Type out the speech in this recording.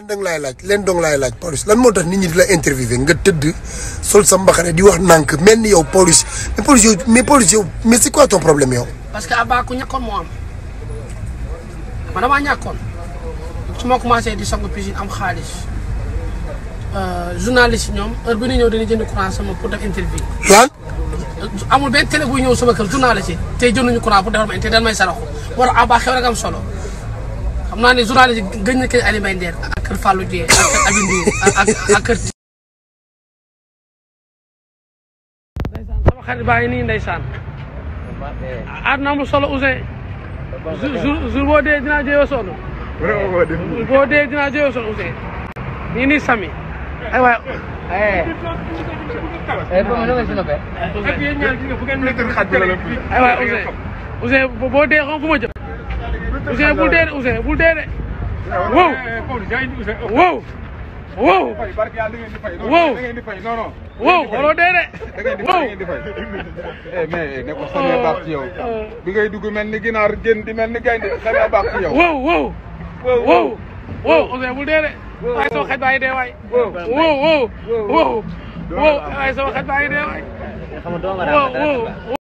leen dang laay laaj leen dong laay laaj Pawlish lan moo tax nit ñi di la interviewé nga tëdd sol sa mbaxane di wax nànk mel ni yow Pawlish mais Pawlish yow mais Pawlish yow mais c'est quoi ton problème yow. parce que Abba ku ñàkkoon moo am man damaa ñàkkoon su ma commencé di sangu piscine am xaalis euh, journaliste ñoom heure bi ñu ñëw dañuy jënd courant sama pour def interview. lan. amul benn télé buy ñëw sama kër journaliste tey jënduñu courant pour defar ma interview dañ may saraxu war a Abba xew rek am solo xam naa ne journaliste gëj na kër Aliou Mbaye kër Fallou Dieng ak kër Abdou Ndour ak ak kër. solo Ousseyn. jour boo dee dinaa jëyoo sonn. boo dee dinaa jëyoo sonn Ousseyn. ñu nii Samy. aywa. aywa eh. eh, eh, boo dee xam fu ma jëm. Ousseyn bul dee de Ousseyn bul dee de. wow wow wow wow wow waroo dee de wow. Eh, mais ne ko sëñ baax ci yow. bi ngay dugg mel ni ginaar génn di mel ni gaynde sëñ baax ci yow. wow wow wow wow Ousseyn bul dee waaye sama xet baa ngi dee waay. wow wow wow. waaye sama xet baa ngi dee